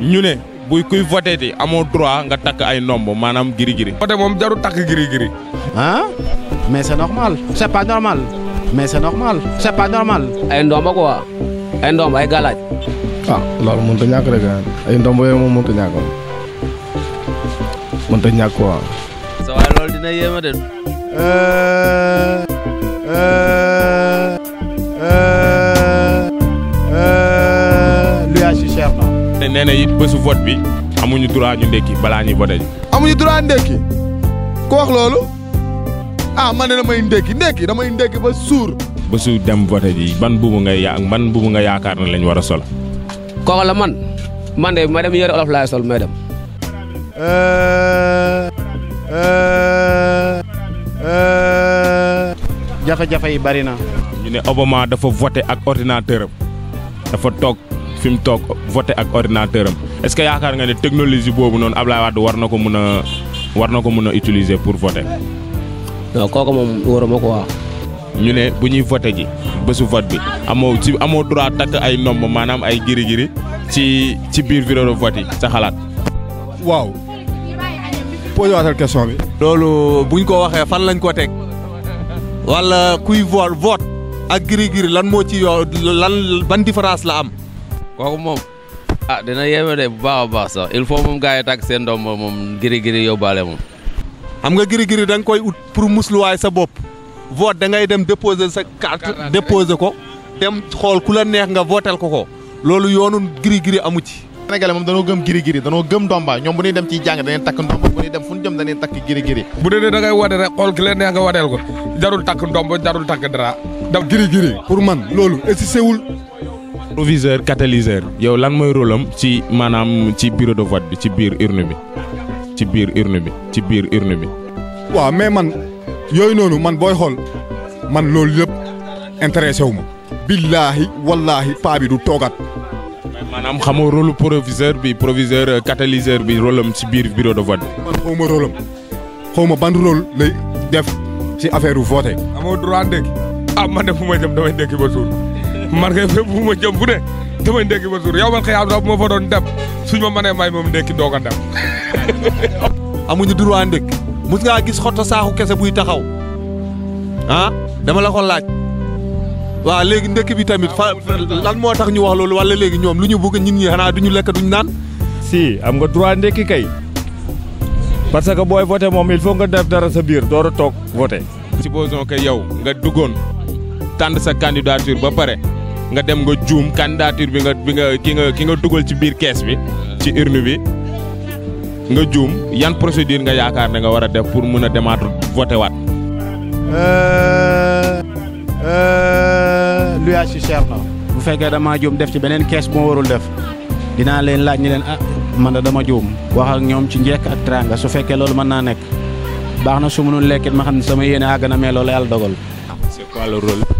ñu ne buy kuy voté di amo droit nga tak ay nombo manam giri giri voté mom jaru tak giri giri hein mais c'est normal c'est pas normal mais c'est normal c'est pas normal ay ndombo quoi ay ndombo ay galaj ah mën ta ñak rek ay ndombo mën ta ñak mën ta ñak quoi sa waay loolu dina yema den euh euh nee na it bésu vote bi amuñu droit ñu ndékki balaa ñuy voté ji. amuñu droit ndékki ku wax loolu ah man de damay ndékki ndékki damay ndékki ba suur. bésu dem voté ji ban buubu ban buubu nga yaakaar ne lañ war a sol. kooku la man man de ma dem yëre olof laay sol may dem. jafe-jafe yi bari na. ñu ne Obama dafa voté ak ordinateur am dafa toog. fim tok voter ak ordinateur am est ce que yaakaar nga ne technologie bobu non Ablaye wad war na ko mun war na ko utiliser pour voter. non koko mom waruma wax. ñu ne bu ñuy ji bésu vote bi amo ci amo droit tak ay nomb manam ay giri-giri ci ci bir bureau de vote yi xalat xalaat. waaw. posé waatal question bi. lolu buñ ko waxe fan lañ ko tek wala kuy vote vote ak giri-giri lan mo ci lan ban différence la am. kooku moom ah dina yéeme de bu baax a baax sax il faut moom gars yi tàgg seen doom moom giri giri yóbbaale moom. xam nga giri giri da nga koy ut pour musluwaay sa bopp vote da ngay dem déposer sa carte déposer ko dem xool ku la neex nga votel ko ko loolu yoonu giri giri amu ci. Sénégalais moom danoo gëm giri giri danoo gëm ndomba ñoom bu ñuy dem ciy jàng dañuy takk ndomba bu ñuy dem fu ñu jëm dañuy takk giri giri. bu dee da ngay woote rek xool ki la neex nga woteel ko jarul takk ndomba jarul takk dara. proviseur catalyseur yow lan mooy rôle ci maanaam ci bureau de bi ci biir urne bi ci biir urne bi ci biir urne bi. waaw mais man yooyu noonu man booy xool man loolu lépp intéressé wu ma. billaahi wallaahi paa bi du toogaat. maanaam xamoo rôle proviseur bi proviseur euh, catalyseur bi rôle ci biir bureau de vote bi. man xaw ma rôle am xaw ban rôle lay def ci affaire vote. amoo droit ndékki ah man de fu may damay ndékki ba suur. marke fe bu ma jom bu ne dama ndekki ba suur yow man xëy na bu fa don dem suñu mané may mom ndekki doga a dem. amuñu droit ndekki mus nga gis xoto saxu kesse buy taxaw ah dama la ko laaj wa legi ndekki bi tamit ah, lan mo tax ñu wax lolu wala legi ñom luñu bëgg ñin ñi xana duñu lek duñu nan si am nga droit ndekki kay parce que boy voter mom il faut nga def dara sa bir door tok voter voté. supposons que yow nga dugon tànn sa candidature ba pare nga dem nga joom candidature bi nga bi nga ki nga ki nga duggal ci biir caisse bi ci urne bi nga joom yan procédure nga yaakaar ne nga wara def pour voter wat euh euh lui a ci cher na. bu fekke dama joom def ci benen caisse mo warul def dina len laaj ni len ah man da dama joom wax ak ñom ci njekk ak tranga su fekke lolu man na nek baxna su mënul lekkit ma xamni sama yene na dogal. c'est quoi le rôle.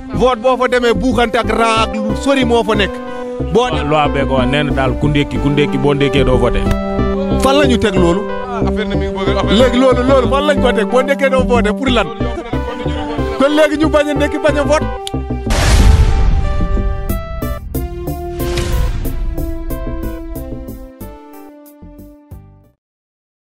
vote boo fa demee buuxante ak raa ak lu sori moo fa nekk. boo demee loi bee ko wax nee daal ku ndékki ku ndékki boo ndékkee doo voté. fan la ñu teg loolu. Ah, affaire mi ngi bëgg léegi loolu loolu fan lañ ko teg boo ndékkee doo voté pour lan. kon léegi ñu bañ a ndékki bañ a